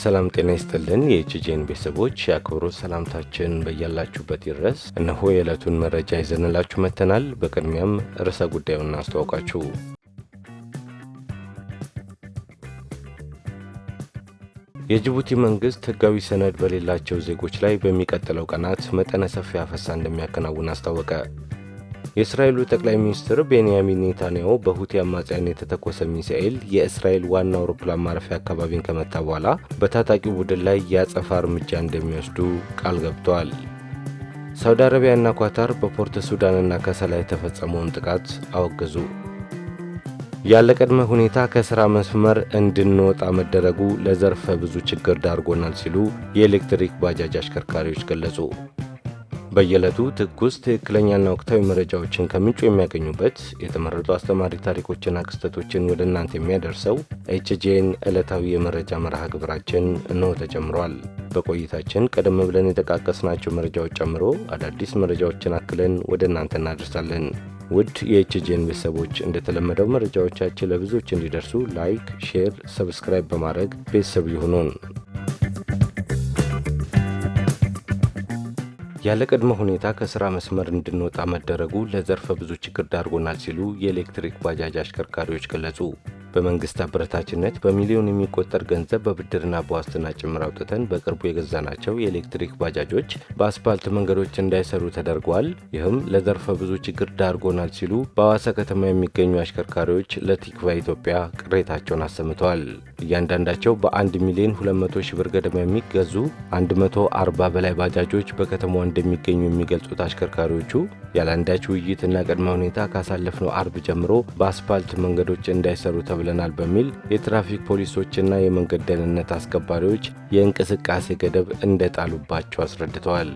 ሰላም ጤና ይስጥልን የችጄን ቤተሰቦች የአክብሮት ሰላምታችን በያላችሁበት ይድረስ። እነሆ የዕለቱን መረጃ ይዘንላችሁ መጥተናል። በቅድሚያም ርዕሰ ጉዳዩን እናስተዋውቃችሁ። የጅቡቲ መንግስት ህጋዊ ሰነድ በሌላቸው ዜጎች ላይ በሚቀጥለው ቀናት መጠነ ሰፊ አፈሳ እንደሚያከናውን አስታወቀ። የእስራኤሉ ጠቅላይ ሚኒስትር ቤንያሚን ኔታንያሁ በሁቲ አማጽያን የተተኮሰ ሚሳኤል የእስራኤል ዋና አውሮፕላን ማረፊያ አካባቢን ከመታ በኋላ በታጣቂው ቡድን ላይ የአጸፋ እርምጃ እንደሚወስዱ ቃል ገብተዋል። ሳውዲ አረቢያና ኳታር በፖርት ሱዳንና ከሰላ የተፈጸመውን ጥቃት አወገዙ። ያለ ቅድመ ሁኔታ ከስራ መስመር እንድንወጣ መደረጉ ለዘርፈ ብዙ ችግር ዳርጎናል ሲሉ የኤሌክትሪክ ባጃጅ አሽከርካሪዎች ገለጹ። በየዕለቱ ትኩስ ትክክለኛና ወቅታዊ መረጃዎችን ከምንጩ የሚያገኙበት የተመረጡ አስተማሪ ታሪኮችና ክስተቶችን ወደ እናንተ የሚያደርሰው ኤችጄን ዕለታዊ የመረጃ መርሃ ግብራችን እነሆ ተጀምሯል። በቆይታችን ቀደም ብለን የጠቃቀስናቸው መረጃዎች ጨምሮ አዳዲስ መረጃዎችን አክለን ወደ እናንተ እናደርሳለን። ውድ የኤችጂን ቤተሰቦች እንደተለመደው መረጃዎቻችን ለብዙዎች እንዲደርሱ ላይክ፣ ሼር፣ ሰብስክራይብ በማድረግ ቤተሰብ ይሁኑን። ያለ ቅድመ ሁኔታ ከስራ መስመር እንድንወጣ መደረጉ ለዘርፈ ብዙ ችግር ዳርጎናል ሲሉ የኤሌክትሪክ ባጃጅ አሽከርካሪዎች ገለጹ። በመንግስት አበረታችነት በሚሊዮን የሚቆጠር ገንዘብ በብድርና በዋስትና ጭምር አውጥተን በቅርቡ የገዛናቸው የኤሌክትሪክ ባጃጆች በአስፓልት መንገዶች እንዳይሰሩ ተደርጓል። ይህም ለዘርፈ ብዙ ችግር ዳርጎናል ሲሉ በአዋሳ ከተማ የሚገኙ አሽከርካሪዎች ለቲክቫ ኢትዮጵያ ቅሬታቸውን አሰምተዋል። እያንዳንዳቸው በአንድ ሚሊዮን 200 ብር ገደማ የሚገዙ 140 በላይ ባጃጆች በከተማዋ እንደሚገኙ የሚገልጹት አሽከርካሪዎቹ ያለአንዳች ውይይትና ቅድመ ሁኔታ ካሳለፍነው አርብ ጀምሮ በአስፓልት መንገዶች እንዳይሰሩ ብለናል በሚል የትራፊክ ፖሊሶችና የመንገድ ደህንነት አስከባሪዎች የእንቅስቃሴ ገደብ እንደጣሉባቸው አስረድተዋል።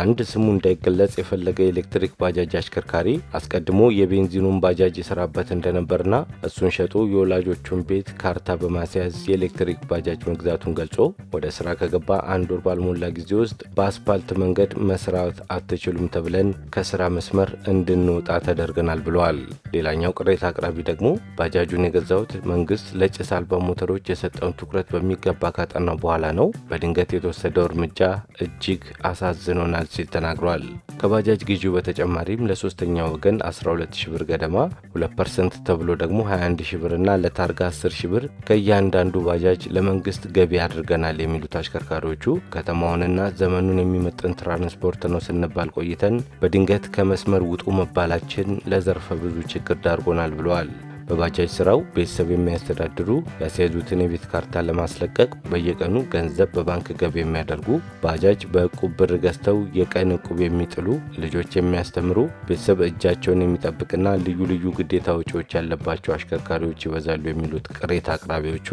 አንድ ስሙ እንዳይገለጽ የፈለገ የኤሌክትሪክ ባጃጅ አሽከርካሪ አስቀድሞ የቤንዚኑን ባጃጅ የሰራበት እንደነበርና እሱን ሸጦ የወላጆቹን ቤት ካርታ በማስያዝ የኤሌክትሪክ ባጃጅ መግዛቱን ገልጾ ወደ ስራ ከገባ አንድ ወር ባልሞላ ጊዜ ውስጥ በአስፓልት መንገድ መስራት አትችሉም ተብለን ከስራ መስመር እንድንወጣ ተደርገናል ብለዋል። ሌላኛው ቅሬታ አቅራቢ ደግሞ ባጃጁን የገዛሁት መንግስት ለጭስ አልባ ሞተሮች የሰጠውን ትኩረት በሚገባ ካጠናው በኋላ ነው። በድንገት የተወሰደው እርምጃ እጅግ አሳዝኖናል ይሆናል ሲል ተናግሯል። ከባጃጅ ግዢው በተጨማሪም ለሶስተኛ ወገን 12 ሺ ብር ገደማ 2 ፐርሰንት ተብሎ ደግሞ 21 ሺ ብርና ለታርጋ 10 ሺ ብር ከእያንዳንዱ ባጃጅ ለመንግስት ገቢ አድርገናል የሚሉት አሽከርካሪዎቹ ከተማውንና ዘመኑን የሚመጥን ትራንስፖርት ነው ስንባል ቆይተን በድንገት ከመስመር ውጡ መባላችን ለዘርፈ ብዙ ችግር ዳርጎናል ብለዋል። በባጃጅ ስራው ቤተሰብ የሚያስተዳድሩ ያስያዙትን የቤት ካርታ ለማስለቀቅ በየቀኑ ገንዘብ በባንክ ገቢ የሚያደርጉ፣ ባጃጅ በእቁብ ብር ገዝተው የቀን እቁብ የሚጥሉ፣ ልጆች የሚያስተምሩ፣ ቤተሰብ እጃቸውን የሚጠብቅና ልዩ ልዩ ግዴታ ወጪዎች ያለባቸው አሽከርካሪዎች ይበዛሉ የሚሉት ቅሬታ አቅራቢዎቹ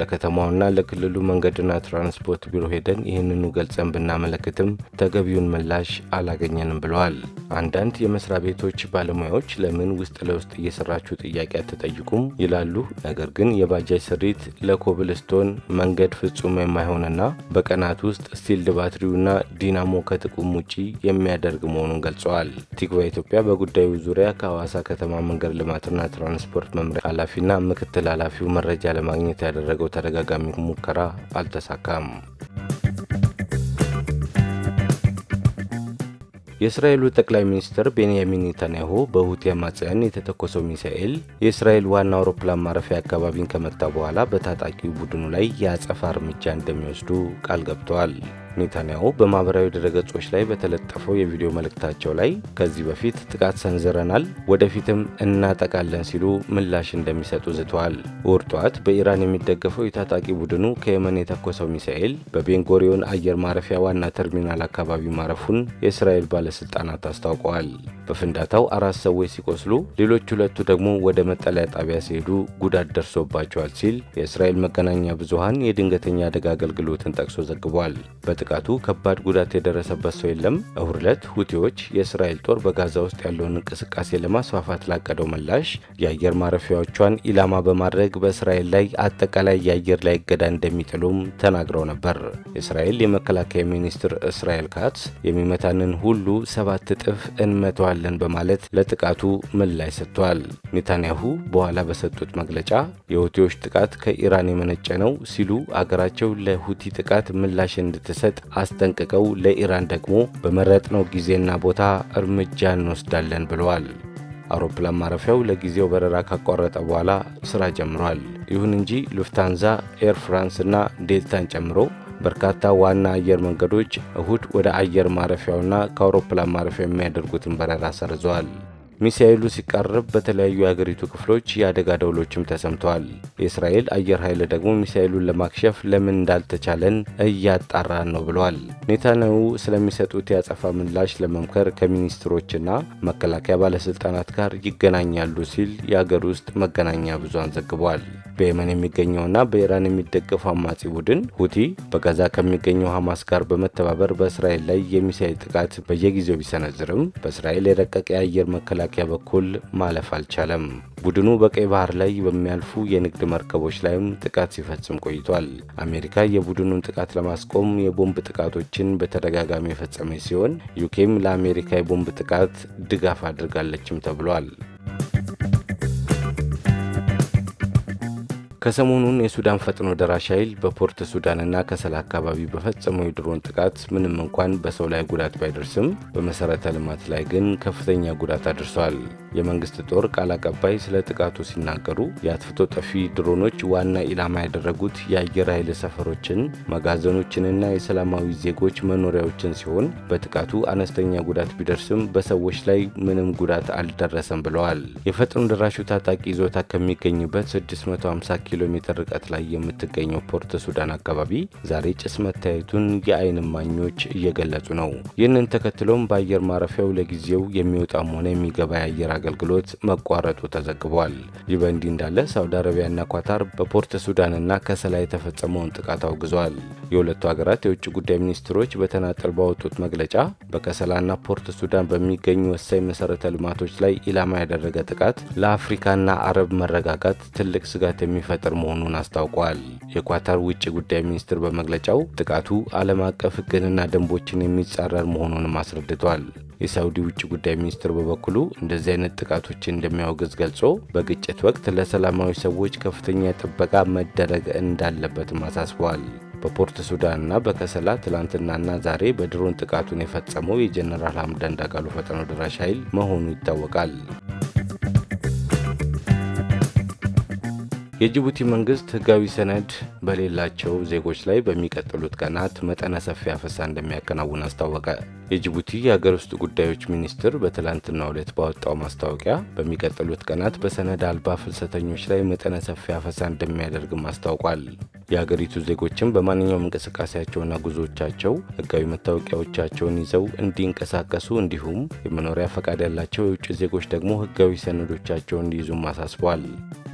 ለከተማውና ለክልሉ መንገድና ትራንስፖርት ቢሮ ሄደን ይህንኑ ገልጸን ብናመለክትም ተገቢውን ምላሽ አላገኘንም ብለዋል። አንዳንድ የመስሪያ ቤቶች ባለሙያዎች ለምን ውስጥ ለውስጥ እየሰራችሁ ጥያቄ አትጠይቁም ይላሉ። ነገር ግን የባጃጅ ስሪት ለኮብልስቶን መንገድ ፍጹም የማይሆንና በቀናት ውስጥ ስቲልድ ባትሪውና ዲናሞ ከጥቅም ውጪ የሚያደርግ መሆኑን ገልጸዋል። ቲክቫ ኢትዮጵያ በጉዳዩ ዙሪያ ከሐዋሳ ከተማ መንገድ ልማትና ትራንስፖርት መምሪያ ኃላፊና ምክትል ኃላፊው መረጃ ለማግኘት ያደረገው ተደጋጋሚ ሙከራ አልተሳካም። የእስራኤሉ ጠቅላይ ሚኒስትር ቤንያሚን ኔታንያሁ በሁቲ አማጽያን የተተኮሰው ሚሳኤል የእስራኤል ዋና አውሮፕላን ማረፊያ አካባቢን ከመታ በኋላ በታጣቂው ቡድኑ ላይ የአጸፋ እርምጃ እንደሚወስዱ ቃል ገብተዋል። ኔታንያሁ በማህበራዊ ድረገጾች ላይ በተለጠፈው የቪዲዮ መልእክታቸው ላይ ከዚህ በፊት ጥቃት ሰንዝረናል፣ ወደፊትም እናጠቃለን ሲሉ ምላሽ እንደሚሰጡ ዝተዋል። እሁድ ጠዋት በኢራን የሚደገፈው የታጣቂ ቡድኑ ከየመን የተኮሰው ሚሳኤል በቤንጎሪዮን አየር ማረፊያ ዋና ተርሚናል አካባቢ ማረፉን የእስራኤል ባለስልጣናት አስታውቀዋል። በፍንዳታው አራት ሰዎች ሲቆስሉ ሌሎች ሁለቱ ደግሞ ወደ መጠለያ ጣቢያ ሲሄዱ ጉዳት ደርሶባቸዋል ሲል የእስራኤል መገናኛ ብዙሃን የድንገተኛ አደጋ አገልግሎትን ጠቅሶ ዘግቧል። ጥቃቱ ከባድ ጉዳት የደረሰበት ሰው የለም። እሁድ ዕለት ሁቲዎች የእስራኤል ጦር በጋዛ ውስጥ ያለውን እንቅስቃሴ ለማስፋፋት ላቀደው ምላሽ የአየር ማረፊያዎቿን ኢላማ በማድረግ በእስራኤል ላይ አጠቃላይ የአየር ላይ እገዳ እንደሚጥሉም ተናግረው ነበር። የእስራኤል የመከላከያ ሚኒስትር እስራኤል ካትስ የሚመታንን ሁሉ ሰባት እጥፍ እንመተዋለን በማለት ለጥቃቱ ምላሽ ሰጥቷል። ኔታንያሁ በኋላ በሰጡት መግለጫ የሁቲዎች ጥቃት ከኢራን የመነጨ ነው ሲሉ አገራቸው ለሁቲ ጥቃት ምላሽ እንድትሰጥ በማለት አስጠንቅቀው ለኢራን ደግሞ በመረጥነው ጊዜና ቦታ እርምጃ እንወስዳለን ብለዋል። አውሮፕላን ማረፊያው ለጊዜው በረራ ካቋረጠ በኋላ ስራ ጀምሯል። ይሁን እንጂ ሉፍታንዛ፣ ኤር ፍራንስ እና ዴልታን ጨምሮ በርካታ ዋና አየር መንገዶች እሁድ ወደ አየር ማረፊያውና ከአውሮፕላን ማረፊያው የሚያደርጉትን በረራ ሰርዘዋል። ሚሳኤሉ ሲቃረብ በተለያዩ የአገሪቱ ክፍሎች የአደጋ ደውሎችም ተሰምተዋል። የእስራኤል አየር ኃይል ደግሞ ሚሳኤሉን ለማክሸፍ ለምን እንዳልተቻለን እያጣራ ነው ብለዋል። ኔታንያሁ ስለሚሰጡት የአጸፋ ምላሽ ለመምከር ከሚኒስትሮችና መከላከያ ባለስልጣናት ጋር ይገናኛሉ ሲል የአገር ውስጥ መገናኛ ብዙሃን ዘግቧል። በየመን የሚገኘውና በኢራን የሚደገፈው አማጺ ቡድን ሁቲ በጋዛ ከሚገኘው ሐማስ ጋር በመተባበር በእስራኤል ላይ የሚሳይል ጥቃት በየጊዜው ቢሰነዝርም በእስራኤል የረቀቀ የአየር መከላከያ በኩል ማለፍ አልቻለም። ቡድኑ በቀይ ባህር ላይ በሚያልፉ የንግድ መርከቦች ላይም ጥቃት ሲፈጽም ቆይቷል። አሜሪካ የቡድኑን ጥቃት ለማስቆም የቦምብ ጥቃቶችን በተደጋጋሚ የፈጸመች ሲሆን ዩኬም ለአሜሪካ የቦምብ ጥቃት ድጋፍ አድርጋለችም ተብሏል። ከሰሞኑን የሱዳን ፈጥኖ ደራሽ ኃይል በፖርት ሱዳንና ከሰላ አካባቢ በፈጸመው የድሮን ጥቃት ምንም እንኳን በሰው ላይ ጉዳት ባይደርስም በመሠረተ ልማት ላይ ግን ከፍተኛ ጉዳት አድርሷል። የመንግስት ጦር ቃል አቀባይ ስለ ጥቃቱ ሲናገሩ የአጥፍቶ ጠፊ ድሮኖች ዋና ኢላማ ያደረጉት የአየር ኃይል ሰፈሮችን፣ መጋዘኖችንና የሰላማዊ ዜጎች መኖሪያዎችን ሲሆን በጥቃቱ አነስተኛ ጉዳት ቢደርስም በሰዎች ላይ ምንም ጉዳት አልደረሰም ብለዋል። የፈጥኖ ደራሹ ታጣቂ ይዞታ ከሚገኝበት 650 ኪሎ ሜትር ርቀት ላይ የምትገኘው ፖርት ሱዳን አካባቢ ዛሬ ጭስ መታየቱን የዓይን ማኞች እየገለጹ ነው። ይህንን ተከትሎም በአየር ማረፊያው ለጊዜው የሚወጣም ሆነ የሚገባ የአየር አገልግሎት መቋረጡ ተዘግቧል። ይህ በእንዲህ እንዳለ ሳውዲ አረቢያና ኳታር በፖርት ሱዳንና ከሰላ የተፈጸመውን ጥቃት አውግዟል። የሁለቱ ሀገራት የውጭ ጉዳይ ሚኒስትሮች በተናጠል ባወጡት መግለጫ በከሰላና ፖርት ሱዳን በሚገኙ ወሳኝ መሰረተ ልማቶች ላይ ኢላማ ያደረገ ጥቃት ለአፍሪካና አረብ መረጋጋት ትልቅ ስጋት የሚፈጥር መሆኑን አስታውቋል። የኳታር ውጭ ጉዳይ ሚኒስትር በመግለጫው ጥቃቱ ዓለም አቀፍ ሕግንና ደንቦችን የሚጻረር መሆኑንም አስረድቷል። የሳውዲ ውጭ ጉዳይ ሚኒስትር በበኩሉ እንደዚህ አይነት ጥቃቶችን እንደሚያወግዝ ገልጾ በግጭት ወቅት ለሰላማዊ ሰዎች ከፍተኛ ጥበቃ መደረግ እንዳለበትም አሳስበዋል። በፖርት ሱዳንና በከሰላ ትላንትናና ዛሬ በድሮን ጥቃቱን የፈጸመው የጀነራል ሐምዳን ዳጋሎ ፈጥኖ ደራሽ ኃይል መሆኑ ይታወቃል። የጅቡቲ መንግስት ህጋዊ ሰነድ በሌላቸው ዜጎች ላይ በሚቀጥሉት ቀናት መጠነ ሰፊ አፈሳ እንደሚያከናውን አስታወቀ። የጅቡቲ የሀገር ውስጥ ጉዳዮች ሚኒስትር በትላንትናው ዕለት ባወጣው ማስታወቂያ በሚቀጥሉት ቀናት በሰነድ አልባ ፍልሰተኞች ላይ መጠነ ሰፊ አፈሳ እንደሚያደርግም አስታውቋል። የሀገሪቱ ዜጎችም በማንኛውም እንቅስቃሴያቸውና ጉዞዎቻቸው ህጋዊ መታወቂያዎቻቸውን ይዘው እንዲንቀሳቀሱ እንዲሁም የመኖሪያ ፈቃድ ያላቸው የውጭ ዜጎች ደግሞ ህጋዊ ሰነዶቻቸውን እንዲይዙም አሳስቧል።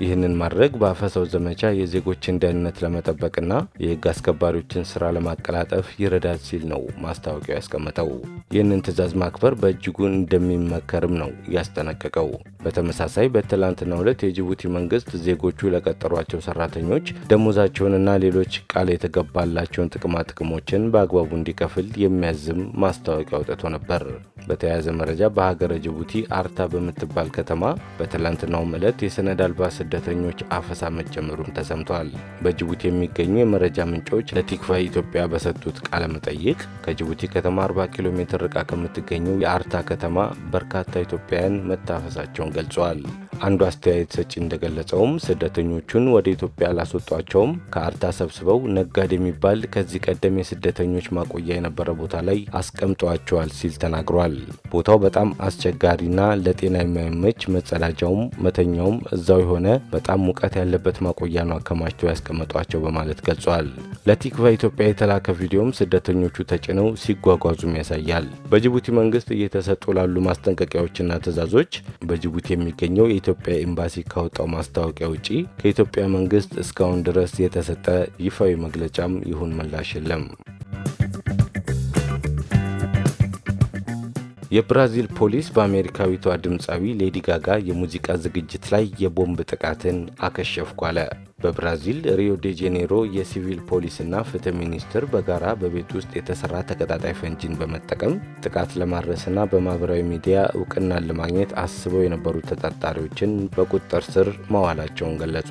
ይህንን ማድረግ በአፈሳው ዘመቻ የዜጎችን ደህንነት ለመጠበቅና የህግ አስከባሪዎችን ስራ ለማቀላጠፍ ይረዳል ሲል ነው ማስታወቂያው ያስቀመጠው። ይህንን ትዕዛዝ ማክበር በእጅጉ እንደሚመከርም ነው ያስጠነቀቀው። በተመሳሳይ በትላንትናው ዕለት የጅቡቲ መንግስት ዜጎቹ ለቀጠሯቸው ሰራተኞች ደሞዛቸውን እና ሌሎች ቃል የተገባላቸውን ጥቅማ ጥቅሞችን በአግባቡ እንዲከፍል የሚያዝም ማስታወቂያ አውጥቶ ነበር። በተያያዘ መረጃ በሀገረ ጅቡቲ አርታ በምትባል ከተማ በትላንትናውም ዕለት የሰነድ አልባ ስደተኞች አፈሳ መጀመሩን ተሰምተዋል። በጅቡቲ የሚገኙ የመረጃ ምንጮች ለቲክፋ ኢትዮጵያ በሰጡት ቃለ መጠይቅ ከጅቡቲ ከተማ 40 ኪሎ ሜትር ርቃ ከምትገኘው የአርታ ከተማ በርካታ ኢትዮጵያውያን መታፈሳቸውን ገልጸዋል። አንዱ አስተያየት ሰጪ እንደገለጸውም ስደተኞቹን ወደ ኢትዮጵያ አላስወጧቸውም። ከአርታ ሰብስበው ነጋድ የሚባል ከዚህ ቀደም የስደተኞች ማቆያ የነበረ ቦታ ላይ አስቀምጠዋቸዋል ሲል ተናግሯል። ይገኛል። ቦታው በጣም አስቸጋሪና ለጤና የማይመች መጸዳጃውም መተኛውም እዛው የሆነ በጣም ሙቀት ያለበት ማቆያ ነው አከማችተው ያስቀመጧቸው በማለት ገልጿል። ለቲክቫ ኢትዮጵያ የተላከ ቪዲዮም ስደተኞቹ ተጭነው ሲጓጓዙም ያሳያል። በጅቡቲ መንግስት እየተሰጡ ላሉ ማስጠንቀቂያዎችና ትዕዛዞች በጅቡቲ የሚገኘው የኢትዮጵያ ኤምባሲ ካወጣው ማስታወቂያ ውጪ ከኢትዮጵያ መንግስት እስካሁን ድረስ የተሰጠ ይፋዊ መግለጫም ይሁን ምላሽ የለም። የብራዚል ፖሊስ በአሜሪካዊቷ ድምፃዊ ሌዲ ጋጋ የሙዚቃ ዝግጅት ላይ የቦምብ ጥቃትን አከሸፍኩ አለ። በብራዚል ሪዮ ዴ ጄኔሮ የሲቪል ፖሊስና ፍትህ ሚኒስቴር በጋራ በቤት ውስጥ የተሰራ ተቀጣጣይ ፈንጂን በመጠቀም ጥቃት ለማድረስና በማህበራዊ ሚዲያ እውቅናን ለማግኘት አስበው የነበሩ ተጠርጣሪዎችን በቁጥጥር ስር መዋላቸውን ገለጹ።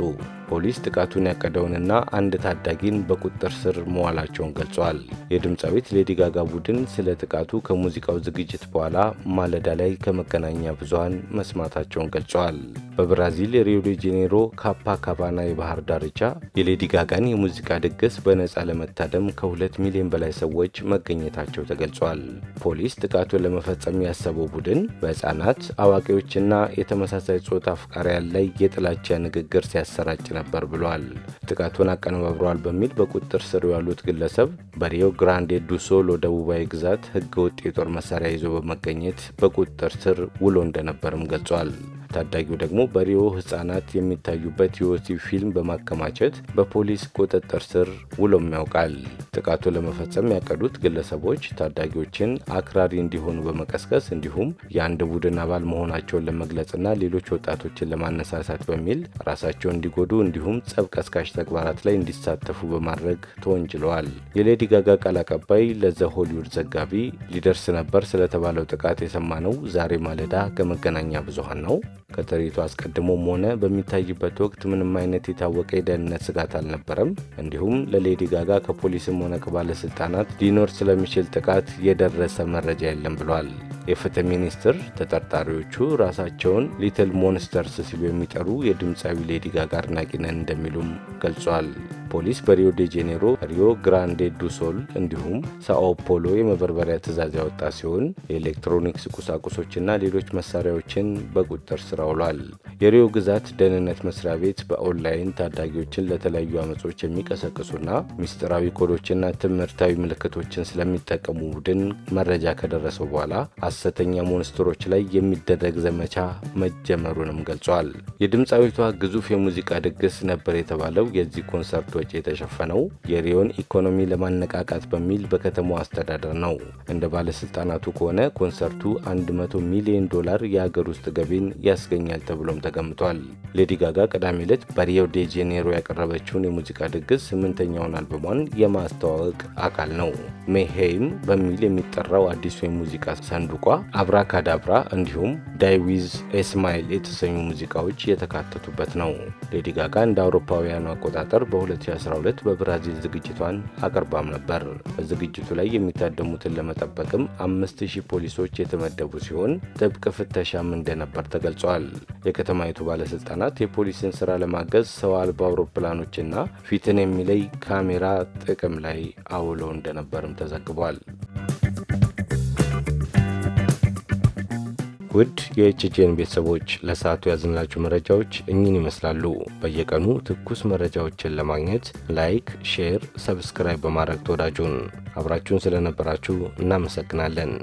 ፖሊስ ጥቃቱን ያቀደውንና አንድ ታዳጊን በቁጥጥር ስር መዋላቸውን ገልጿል። የድምፃዊት ሌዲ ጋጋ ቡድን ስለ ጥቃቱ ከሙዚቃው ዝግጅት በኋላ ማለዳ ላይ ከመገናኛ ብዙኃን መስማታቸውን ገልጿል። በብራዚል የሪዮ ዴ ጄኔሮ ካፓ ካባና የባህር ዳርቻ የሌዲ ጋጋን የሙዚቃ ድግስ በነፃ ለመታደም ከሁለት ሚሊዮን በላይ ሰዎች መገኘታቸው ተገልጿል። ፖሊስ ጥቃቱን ለመፈጸም ያሰበው ቡድን በሕፃናት አዋቂዎችና የተመሳሳይ ጾታ አፍቃሪያን ላይ የጥላቻ ንግግር ሲያሰራጭ ነበር ብሏል። ጥቃቱን አቀነባብረዋል በሚል በቁጥጥር ስር ያሉት ግለሰብ በሪዮ ግራንዴ ዱ ሱል ደቡባዊ ግዛት ህገ ወጥ የጦር መሳሪያ ይዞ በመገኘት በቁጥጥር ስር ውሎ እንደነበርም ገልጿል። ታዳጊው ደግሞ በሪዮ ህጻናት የሚታዩበት የወሲብ ፊልም በማከማቸት በፖሊስ ቁጥጥር ስር ውሎም ያውቃል። ጥቃቱ ለመፈጸም ያቀዱት ግለሰቦች ታዳጊዎችን አክራሪ እንዲሆኑ በመቀስቀስ እንዲሁም የአንድ ቡድን አባል መሆናቸውን ለመግለጽና ሌሎች ወጣቶችን ለማነሳሳት በሚል ራሳቸውን እንዲጎዱ እንዲሁም ጸብ ቀስቃሽ ተግባራት ላይ እንዲሳተፉ በማድረግ ተወንጅለዋል። የሌዲ ጋጋ ቃል አቀባይ ለዘ ሆሊውድ ዘጋቢ ሊደርስ ነበር ስለተባለው ጥቃት የሰማነው ዛሬ ማለዳ ከመገናኛ ብዙሃን ነው። ከትርኢቱ አስቀድሞም ሆነ በሚታይበት ወቅት ምንም አይነት የታወቀ የደህንነት ስጋት አልነበረም። እንዲሁም ለሌዲ ጋጋ ከፖሊስም ሆነ ከባለስልጣናት ሊኖር ስለሚችል ጥቃት የደረሰ መረጃ የለም ብሏል። የፍትህ ሚኒስትር ተጠርጣሪዎቹ ራሳቸውን ሊትል ሞንስተርስ ሲሉ የሚጠሩ የድምፃዊ ሌዲ ጋጋ አድናቂ ነን እንደሚሉም ገልጿል። ፖሊስ በሪዮ ዴ ጄኔሮ፣ ሪዮ ግራንዴ ዱሶል እንዲሁም ሳኦ ፖሎ የመበርበሪያ ትዕዛዝ ያወጣ ሲሆን የኤሌክትሮኒክስ ቁሳቁሶችና ሌሎች መሳሪያዎችን በቁጥጥር ስር አውሏል። የሪዮ ግዛት ደህንነት መስሪያ ቤት በኦንላይን ታዳጊዎችን ለተለያዩ አመጾች የሚቀሰቅሱና ሚስጢራዊ ኮዶችና ትምህርታዊ ምልክቶችን ስለሚጠቀሙ ቡድን መረጃ ከደረሰው በኋላ አሰተኛ ሞንስተሮች ላይ የሚደረግ ዘመቻ መጀመሩንም ገልጿል። የድምፃዊቷ ግዙፍ የሙዚቃ ድግስ ነበር የተባለው የዚህ ኮንሰርት ወጪ የተሸፈነው የሪዮን ኢኮኖሚ ለማነቃቃት በሚል በከተማው አስተዳደር ነው። እንደ ባለስልጣናቱ ከሆነ ኮንሰርቱ 100 ሚሊዮን ዶላር የአገር ውስጥ ገቢን ያስገኛል ተብሎም ተገምቷል። ሌዲ ጋጋ ቅዳሜ ዕለት በሪዮ ዴ ጄኔሮ ያቀረበችውን የሙዚቃ ድግስ ስምንተኛውን አልበሟን የማስተዋወቅ አካል ነው። ሜሄይም በሚል የሚጠራው አዲሱ የሙዚቃ ሰንዱቋ አብራ ካዳብራ እንዲሁም ዳይዊዝ ኤስማይል የተሰኙ ሙዚቃዎች የተካተቱበት ነው። ሌዲ ጋጋ እንደ አውሮፓውያኑ አቆጣጠር በ2000 2012 በብራዚል ዝግጅቷን አቅርባም ነበር። በዝግጅቱ ላይ የሚታደሙትን ለመጠበቅም 5000 ፖሊሶች የተመደቡ ሲሆን ጥብቅ ፍተሻም እንደነበር ተገልጿል። የከተማይቱ ባለስልጣናት የፖሊስን ስራ ለማገዝ ሰው አልባ አውሮፕላኖችና ፊትን የሚለይ ካሜራ ጥቅም ላይ አውለው እንደነበርም ተዘግቧል። ውድ የኤችጄን ቤተሰቦች ለሰዓቱ ያዝንላችሁ መረጃዎች እኚህን ይመስላሉ። በየቀኑ ትኩስ መረጃዎችን ለማግኘት ላይክ፣ ሼር፣ ሰብስክራይብ በማድረግ ተወዳጁን አብራችሁን ስለነበራችሁ እናመሰግናለን።